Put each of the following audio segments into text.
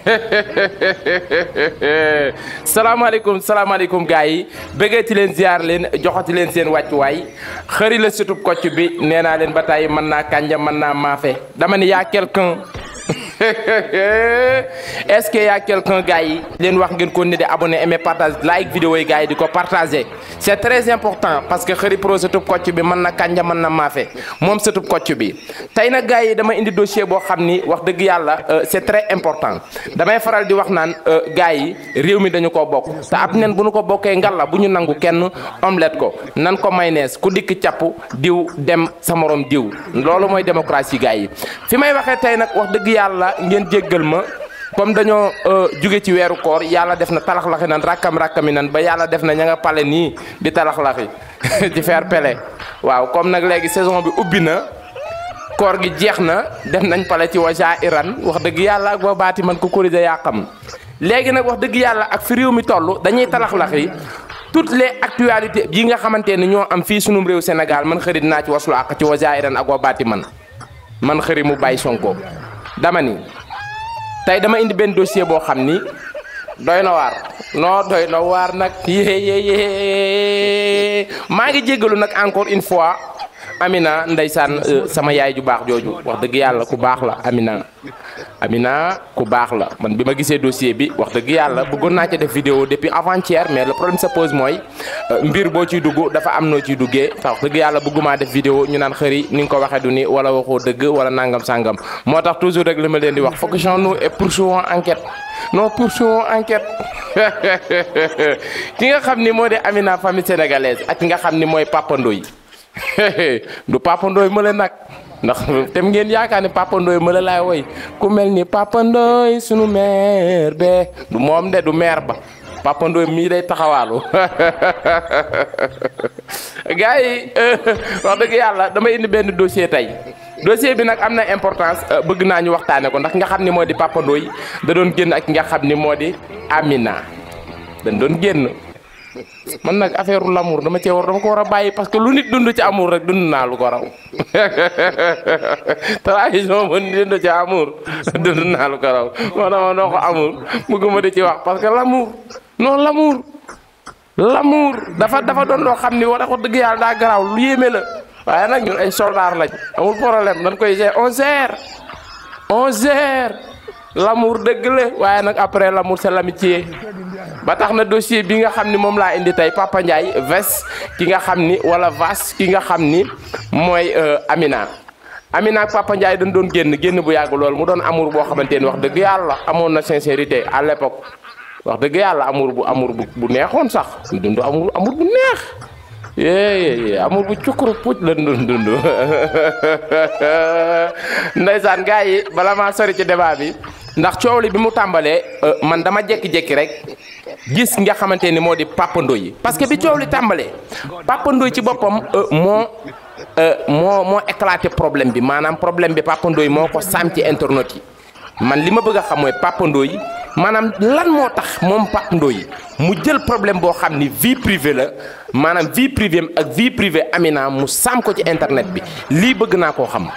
salaamaaleykum salaamaaleykum gars yi bëggeeti leen ziar leen joxati leen seen wàccuwaay xëri la sutub kocc bi nee naa leen ba tàyyi mën naa kànja mën naa maafe dama ne yaa quelqu'un est-ce qu'il y a quelqu'un gars yi leen wax ngeen ko ne de abonné aimé partage like vidéo yi gars yi di partager c'est très important parce que Khary Pro sëtub kocc bi mën na kànja mën na maafe moom sëtub kocc bi tey gars yi dama indi dossier boo xam ni wax dëgg yàlla euh, c'est très important damay faral di wax naan euh, gars yi réew mi dañu ko bokk te ab nen bu ñu ko bokkee ngalla bu ñu kenn omelette ko nan ko mayonnaise ku dikk càpp diw dem sa morom diw loolu mooy démocratie gars yi fi may waxee tey nag wax dëgg yàlla ngeen jéggal ma comme dañoo euh, jóge ci weeru koor yàlla def na talaxlaxi nan rakkam-rakkami nan ba yàlla def na ña nga pale nii di talaxlaxi ci faire pele waaw comme nag léegi saison bi ubbi na koor gi jeex na def nañ pale ci waja iran wax dëgg yàlla ak ba baati man ko korida xam léegi nag wax dëgg yàlla ak fi réew mi toll dañuy talaxlaxi toutes les actualités yi nga xamante ne ñoo am fii sunum réew Sénégal man xërit naa ci waslu àq ci waja iran ak ba man man xëri mu bàyyi Sonko dama ni tey dama indi benn dossier boo xam ni doy na waar non doy na waar nag yéeyéeyé maa ngi jéggalu nag encore une fois Amina ndeysaan euh, sama yaay ju bax joju wax deug yalla ku bax la Amina Amina ku bax la man bima ma dossier bi wax deug yalla bëggoon na ci def vidéo depuis avant-hier mais le problème se pose mooy euh, mbir bo ci duggu dafa am noo ciy duggee te wax dëgg yàlla bëggumaa def vidéo ñu nan xëri ni nga ko waxé du ni wala waxo deug wala nangam sangam motax toujours rek li leen di wax focussons-nous et poursuivons enquête non poursuivons enquête ki nga xamni ni Amina famille sénégalaise ak nga xamni moy Papa ndoy du Papa Ndoye Mbale nag ndax tem ngeen yaakaar ne Papa Ndoye Mbale woy ku mel ni Papa Ndoye sunu maire be du moom de du maire ba Papa Ndoye mii day taxawaalu gars yi euh, wax dëgg yàlla damay indi benn dossier tey dossier bi nag am na importance euh, bëgg naa ñu waxtaane ko ndax nga xam ni moo di Papa da doon génn ak nga xam ni moo di Amina dañ doon génn. man nak affaire l'amour dama ci war dama ko wara baye parce que lu nit dund ci amour rek dund na lu ko raw trahison ba nit dund ci amour dund na lu ko raw moo dama doo ko amour guma di ci wax parce que l'amour non l'amour l'amour dafa dafa don lo xamni wala ko deug yalla da graw lu yeme la waye nak ñun ay soldar lañ amul problème dañ koy jé 11h 11h l'amour deug la waye nak après l'amour c'est l'amitié ba tax na dossier bi nga xam ni moom laa indi tey Papa Ndiaye ki nga xam ni wala Vass ki nga xam ni mooy euh, Amina Amina ak Papa Ndiaye dañ doon génn génn bu yàgg lool mu doon amour boo xamante ni wax dëgg yàlla amoon na sincérité à wax dëgg yàlla amour bu amour bu neexoon sax ñu dund amour amour bu neex yéyéy amour bu cukkuru puuc lan dund dund ndeysaan yi bala maa sori ci débat bi ndax coow li bi mu tambalé euh, man dama jékki-jékki rek gis nga xamanteni ni papando di parce que bi coow li tàmbalee Papa ci bopam mo mo moo éclaté problème bi manam problème bi papando yi moko ko ci internet yi man lima ma bëgg xam moy papando yi manam lan mo tax mom papando yi mu jël problème bo xamni vie privée la manam vie privée ak vie privée Amina mu sam ko ci internet bi li bëgg na ko xam.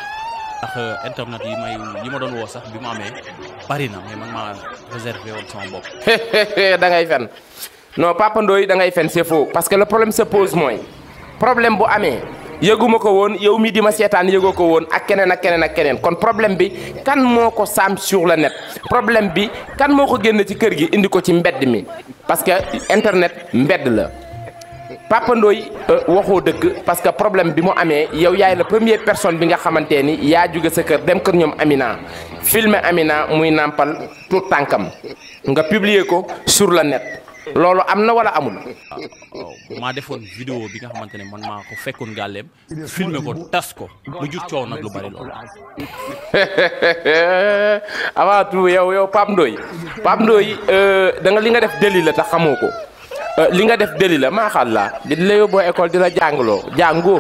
ndax euh, internet yi may yi ma doon woo sax bi mu amee bari na mais man maa réservé woon sama bopp. da ngay fen no Papa Ndoye da ngay fen c'est faux parce que la problème se pose mooy problème bu amee yëguma ko woon yow mii di ma seetaan yëgoo ko woon ak keneen ak keneen ak keneen kon problème bi kan moo ko saam sur la net problème bi kan moo ko génn ci kër gi indi ko ci mbedd mi parce que internet mbedd la. Papa Ndoye euh, waxoo dëgg parce que problème bi mo amé yow yaay la première personne bi nga xamanté ni ya jóge sa kër dem kër ñom Amina filmé Amina muy nampal tout tankam nga publier ko sur la net lolu amna wala amul. ma defoon vidéo bi nga xamanté ne man maa ko fekkoon gàlleem filmer ko tas ko mu jur coow nag lu bari lolu avant tout yow yow Pape Ndoye Pape Ndoye euh, da nga li nga def délit la tax xamoko Eh, li nga def deli la la di la yobbo école di la jàngloo jàngu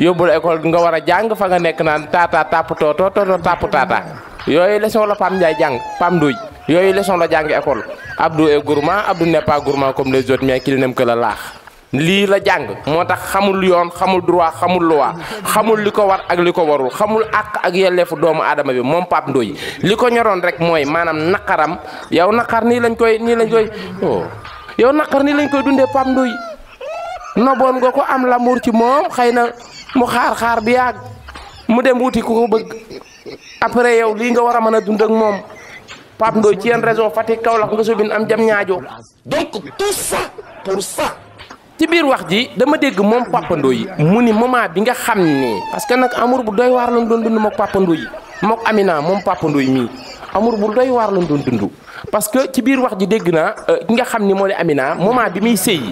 yóbbu école nga wara jang fa nga nek nan tata tap to too tap tàpp taata yooyu leçon la Pam jay jang Pam Nduuj yooyu leçon la jang école Abdou e gourma Abdou n'est pas gourma comme les autres mais qu'il n'aime que la laax li la jang motax xamul yoon xamul droit xamul loi xamul liko war ak liko warul xamul ak ak yelleefu doomu adama bi mom pap ndoy liko ñoron rek moy manam nakaram yow nakar ni lañ koy ni lañ koy oh yow naqar ni lañ koy dundee Pape Ndoye noboon nga ko am l'amour ci moom xëy na mu xaar xaar bi yàgg mu dem wuti ku ko bëgg après yow lii nga war a mën a dund ak moom Pape Ndoye ci yenn raison Fatick Kaolack nga sobin am jam ñaajo donc tout ça pour sax ci biir wax ji dama dégg moom Pape yi mu ni moment bi nga xam ne parce que nag amur bu doy waar lañ doon dund mook Pape Ndoye yi mook Amina moom Pape Ndoye mii amour bu doy waar lañ doon dund. parce que ci biir wax ji dégg naa euh, ki nga xam ni moo di naa moment bi muy sëyi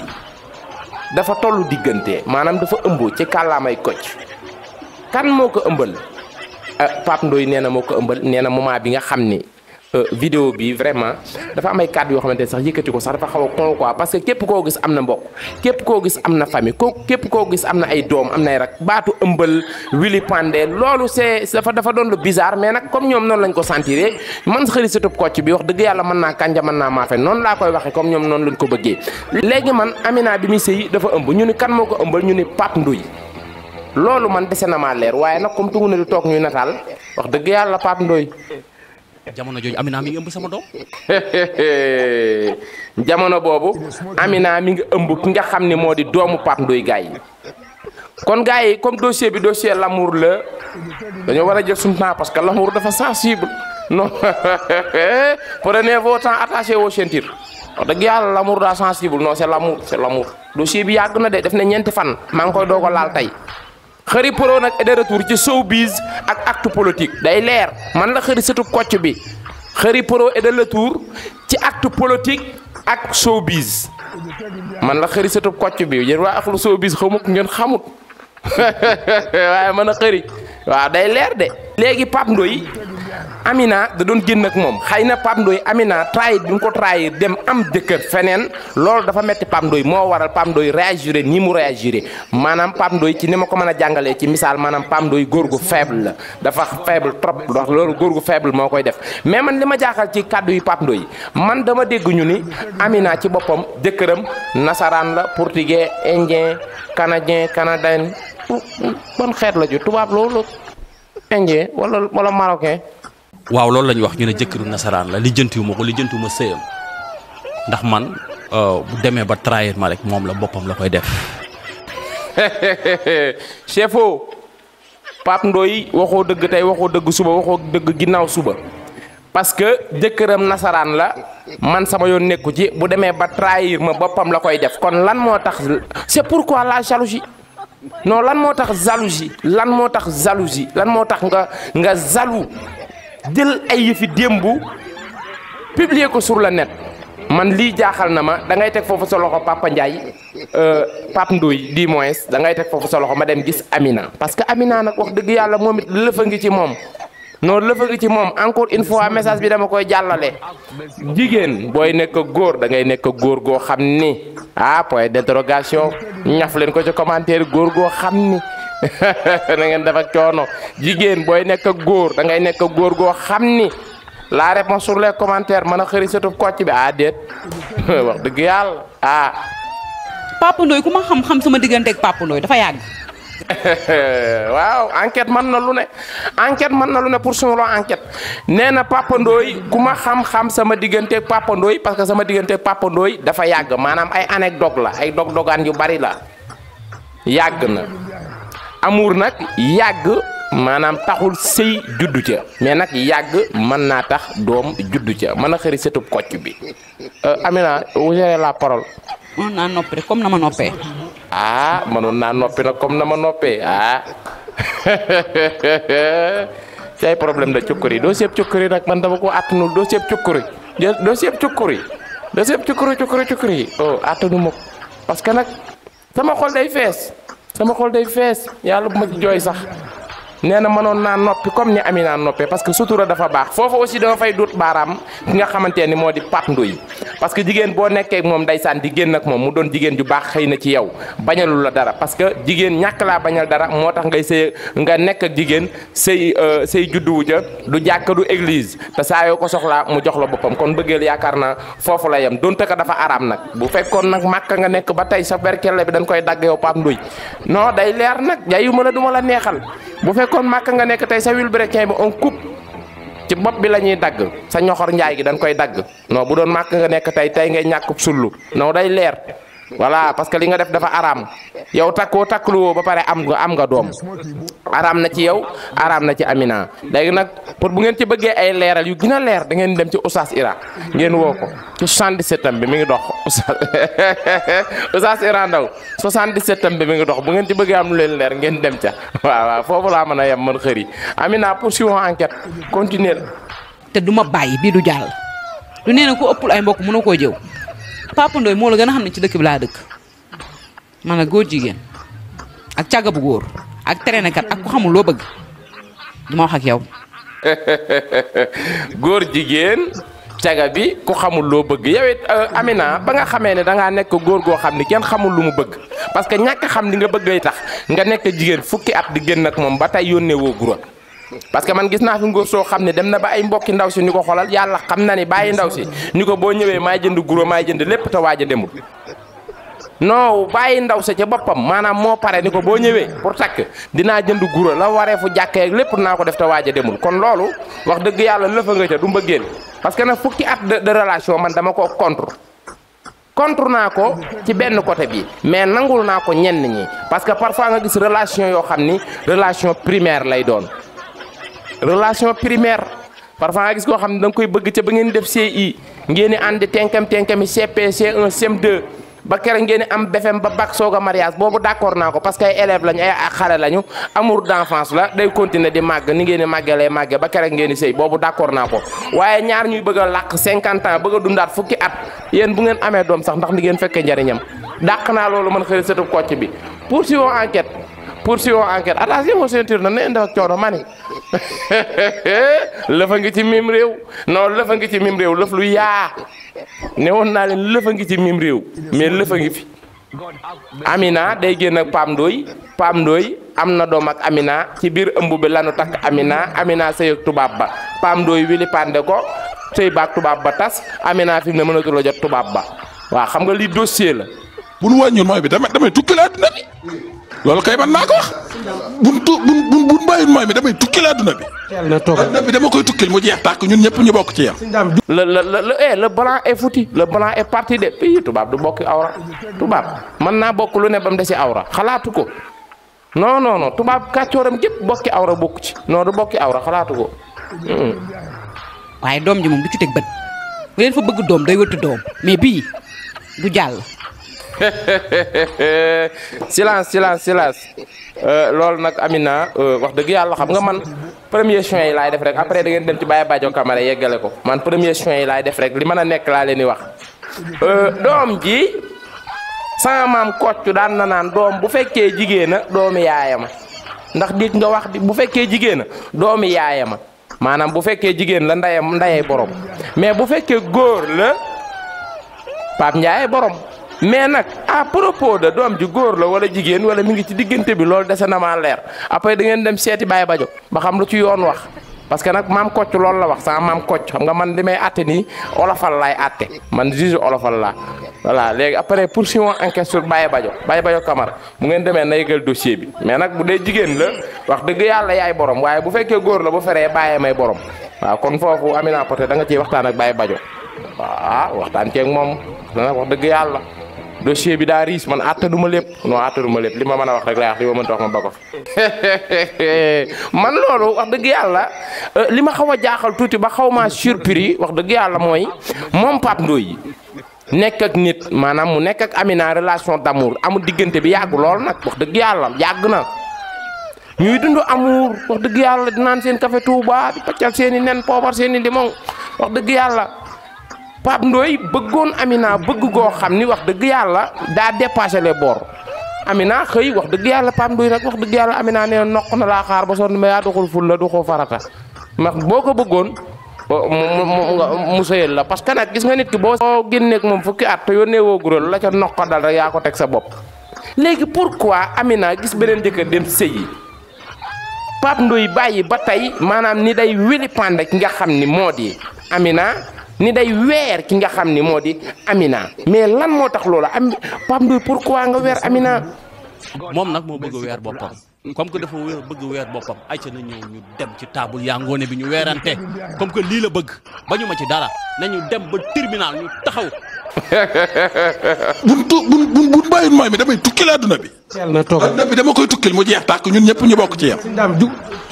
dafa tollu diggante maanaam dafa ëmb ci kàllaamay kocc kan moo ko ëmbal euh, Pape Ndoye nee na moo ko ëmbal nee na moment bi nga xam ni Euh, vidéo bi vraiment dafa am ay kàddu yoo xamante ne sax yëkkati ko sax dafa xaw a con quoi parce que képp koo gis am na mbokk képp koo gis am na famille képp koo gis am na ay doom am na ay baatu ëmbal wili pande loolu c'est dafa doon lu bizarre mais nag comme ñoom noonu lañ ko sentir man xërisatub kocc bi wax dëgg yàlla mën naa kànja mën naa maafe noonu laa koy waxee comme ñoom noonu lañ ko bëggee léegi man Amina bi muy sëy dafa ëmb ñu ni kan moo jamono joji amina mi ëmb sama dom jamono bobu amina mi nga ëmb ki nga xamni modi domu di doomu Pape kon gars comme dossier bi dossier l'amour le. dañu wara jël sun temps parce que l'amour dafa sensible non prenez votre temps attachez vos ceintures wax dëgg yalla l'amour da sensible non c'est l'amour c'est l'amour dossier bi yag na de def na ñent fan maa koy laal tay xëri pro nag de retour ci showbiz ak acte politique day leer man la xëri sëtu kocc bi xëri pro et de ci acte politique ak showbiz man la xëri sëtu kocc bi yéen waa axlu showbiz xamut ngeen xamut waaye mën a xëri waaw day leer de léegi Pape Ndoye Amina da doon génn ak moom xëy na Pape Ndoye Amina trahir bi mu ko trahir dem am jëkkër feneen loolu dafa metti Pape Ndoye moo waral Pape Ndoye réagiré nii mu réagiré maanaam Pape Ndoye ci ne ma ko mën a jàngalee ci misaal maanaam Pape Ndoye góor gu faible la dafa faible trop ndax loolu góor gu faible moo koy def mais man li ma jaaxal ci kàddu yi Pape Ndoye man dama dégg ñu ni Amina ci boppam jëkkëram nasaraan la portugais indien canadien canadien ban xeet la ju tubaab loolu indien wala wala waaw loolu lañ wax ñu ne jëkkëru nasaraan la lijjantiwuma ko lijjantiwuma sëyam ndax man euh, bu demee ba trahir ma rek moom la boppam la koy def chefo pap ndoy waxoo dëgg tey waxoo dëgg suba waxoo dëgg ginnaaw suba parce que jëkkëram nasaraan la man sama yoon nekku ci bu demee ba trahir ma boppam la koy def kon lan moo tax c'est pourquoi la jalousie non lan moo tax jalousie lan moo tax jalousie lan moo tax nga nga jaloux jël ay yëfi démbu publier ko sur le net man lii jaaxal na ma da ngay teg foofu solo loxo Papa Ndiaye euh, Pape Ndoye di moins da ngay teg foofu solo loxo ma dem gis Amina. parce que Amina nag wax dëgg yàlla moom it lëfa ngi ci moom noonu lëfa ngi ci moom encore une fois message bi dama koy jàllale jigéen booy nekk góor da ngay nekk góor goo xam ni ah point d'interrogation ñaf leen ko ci commentaire góor goo xam ni. na ngeen def ak coono jigéen booy nekk ak góor dangay ngay nekk góor goo xam ni la réponse sur les commentaires mën a xëri satub kocc bi ah déet wax dëgg yàlla ah. Papa Ndoye ku ma xam-xam sama digganteeg Papa dafa yàgg. waaw enquête mën na lu ne enquête mën na lu ne pour suñu loo nee na Papa Ndoye ma xam sama digganteeg Papa parce que sama digganteeg Papa dafa yàgg maanaam ay anecdote la ay dog-dogaan yu bari la yàgg na. amour nak yag manam taxul sey juddu ca mais nak yag man na tax mana juddu ca man xeri xëri sëtub kocc bi euh, Amina vous jere la parole. mënoon na comme na ma ah mënoon na noppi nak comme na ma noppee ah. say problème de cukkuri do sep cukkuri nak man dama ko attanul do sep cukkuri do sep cukkuri do sep cukkuri oh attanu ma parce que nak sama xol day fess sama xol day fees yàlla bu ma ci jooy sax nee na mënoon naa noppi comme ni Amina noppee parce que sutura dafa baax foofu aussi dama fay dut baaraam ki nga xamante ni moo di Pape Ndoye parce jigéen boo nekkee moom ndeysaan di na la dara parce que jigéen ñàkk laa bañal dara moo tax ngay sëy nga nekk ak jigéen sëy euh, sëy judduwu ja du jàkka du église te ko soxlaa mu jox la boppam kon bëggeel yaakaar naa foofu la yem donte ko dafa araam nag bu fekkoon nag màkka nga nekk ba tey sa berkelle bi dañ koy dagg yow Pape Ndoye non day leer nag jayu ma la du ma la neexal kon màkk nga nekk tey sa vilebrequin bi on coupe ci bopp bi la ñuy dagg sa ñoxor njaay gi dañ koy dagg noo bu doon màkk nga nekk tey tey ngay ñàkk sullu noo day leer voilà parce que li nga def dafa aram yow takko taklu ba pare am nga am nga dom aram na ci yow aram na ci Amina legui nak pour bu ngeen ci beugé ay léral yu gina lér da ngeen dem ci Oustaz Ira ngeen wo ko ci 77 am bi mi ngi dox Oustaz Ira Ndaw 77 am bi mi ngi dox bu ngeen ci beugé am lu leen lér ngeen dem ca waaw waaw foofu laa mën a man xëri Amina poursuivons enquête continuer te duma bayyi bi du jall du nee ko ëppul ay mbokk mëna ko jëw Papa Ndoye moo la gën a xam ne ci dëkk bi laa dëkk man la góor jigéen ak caga bu góor ak traîner kat ak ku xamul loo bëgg du ma wax yow. góor jigéen. caga bi ku xamul loo bëgg yow it euh, Amina ba nga xamee ne da ngaa nekk góor goo xam ni kenn xamul lu mu bëgg parce que ñàkk xam ni nga bëgg lay tax nga nekk jigéen fukki at di génn ak moom ba tey yónnee woo gura parce que man gis na fi ngor so xamne dem na ba ay mbokki ndaw si niko xolal yalla xam na ni baye ndaw si niko bo ñewé ñëwee jënd guro maay jënd lepp ta waaj demul no baye ndaw sa ca pare niko ko boo pour tak dina jënd guro la waré fu jàkkee lepp na ko def ta waaj demul kon lolu wax dëgg yàlla lëfa nga ca du mbëggeel parce que na fukki at de relation man dama ko contre contre naa ko ci benn côté bi mais nangul naa ko ñenn ñi parce que parfois nga gis relation yo xamni relation primaire lay doon relation primaire parfa nga gis ko xamne dang koy bëgg ci ba ngeen def CI ngeen ni and tenkam tenkami CP C1 CM2 ba kër ngeen am BFM ba bac soga mariage bobu d'accord nako parce que ay élève lañ ay xalé lañu amour d'enfance la day continuer di mag ni ngeen ni màggee lay màggee ba kër ngeen ni sey bobu d'accord nako waye ñaar ñuy bëgg laq 50 ans bëgg dundat fukki at yeen bu ngeen amé dom sax ndax ni ngeen fekkee njariñam dàq naa lolu man xëy sëtu kocc bi pour suivre enquête poursuivons enquête attention ceinture na ne def ak coono mani lëfa ci mim réew non lëfa ngi ci mim réew lëf lu yaa ne won naa leen lëfa ngi ci miim réew mais lëfa ngi fi Amina day génn ak Pam Ndoy Pam Ndoy am na doom ak Amina ci biir ëmb bi lanu takk Amina Amina sëy ak tubaab ba Pam Ndoy wili pande ko sëy baak tubaab ba tas Amina fi mu ne mënatul a jot tubaab ba waaw xam nga li dossier la. bu nu wàññiwoon mooy bi damay damay tukki laa dina bi loolu kay man maa ko wax. buñ tu buñ damay tukkil adduna bi. teel na toog adduna bi dama koy tukkil mu jeex tàkk ñun ñëpp ñu bokk ci yam. la la la la le blanc est foutu le blanc parti de pays tubaab du bokki awra tubaab mën naa bokk lu ne ba mu desi awra xalaatu ko non non non tubaab kàccooram gépp bokki awra bokk ci non du bokki awra xalaatu ko. Hmm. waaye doom ji moom du ci teg bët bu leen fa bëgg doom day wëttu doom mais bii du jàll. silence silence silence euh, loolu nag Amina euh, wax dëgg yàlla xam nga man premier choix yi laay def rek après da ngeen dem ci Baye Badio Camara yeggale ko man premier choix yi laay def rek li mën a nekk laa leen wax euh, doom ji sama maam kocc daan na naan doom bu fekkee jigéena a doomi yaayama ndax dit nga wax bu fekkee jigéen a doomi yaayama maanaam bu fekkee jigéen la ndayam ndayay borom mais bu fekkee góor la Pape Ndiaye borom mais nag à propos de doom ji góor la wala jigéen wala mu ngi ci diggante bi loolu dese na maa leer après da ngeen dem seeti baay bajo ba xam lu ci yoon wax parce que nag maam Kocc loolu la wax sama maam Kocc nga man li may àtte nii laay àtte man juge olofal laa voilà léegi après poursuivons enquête sur Baye Badio Baye Badio Camara mu ngeen demee na yëgal dossier bi mais nag bu dee jigéen la wax dëgg yàlla yaay borom waaye bu fekkee góor la bu feree bàyyee may borom waaw kon foofu Amina Poté da nga ciy waxtaan bajo Baye Badio waaw waxtaan ceeg moom dana wax dëgg yàlla. dossier bi daa riis man àttanuma lépp non ma mën a wax li ma mënta wax ma ba man loolu wax dëgg yàlla euh, li ma xaw a jaaxal tuuti ba xaw maa surpris wax dëgg yàlla mooy moom Pape Ndoye nekk ak nit maanaam mu nekk ak Amina relation d'amour amul diggante bi yàgg lool nag wax dëgg yàlla yàgg na. ñuy dund amour wax dëgg yàlla di naan seen café Touba di paccal seen i nen poobar seen limon wax dëgg yàlla. pap ndoy bëggoon Amina begu go xamni ni wax deug yalla da dépasser les bor Amina xey wax deug yalla pap ndoy rek wax deug yalla Amina ne nok na la xaar ba son ma ya doxul ful la doxoo farata Pas kanak ko bëggoon mu sëyal la parce que nak gis nga nit ki bo génneeg mom fukki at te yónnee la ca noq dal rek ya ko tek sa bop pourquoi Amina gis benen deuk dem seyi pap ndoy bàyyi batay manam ni day wili pande ki nga xamni ni Amina ni day weer ki nga xam ni moo di Amina mais lan moo tax loola am Pape Ndoye pourquoi nga weer Amina. moom nag moo bëgg weer boppam comme que dafa wéer bëgg weer boppam ayca na ñëw ñu dem ci taabul yaa ngoone bi ñu weerante comme que lii la bëgg ba ñu ma ci dara nañu dem ba tribunal ñu taxaw. buñ tu buñ buñ buñ bàyyiwul mooy mi damay tukkil adduna bi. adduna bi dama koy tukkil mu jeex tàkk ñun ñëpp ñu bokk ci yam. daam ju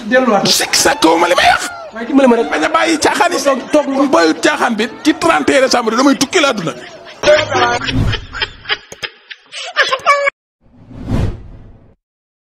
delluwaat. sikk sàkk ma li waaye dimbali ma rek bañ a bàyyi caaxaan yi toog toog caaxaan bi ci 31 décembre damay tukki la àdduna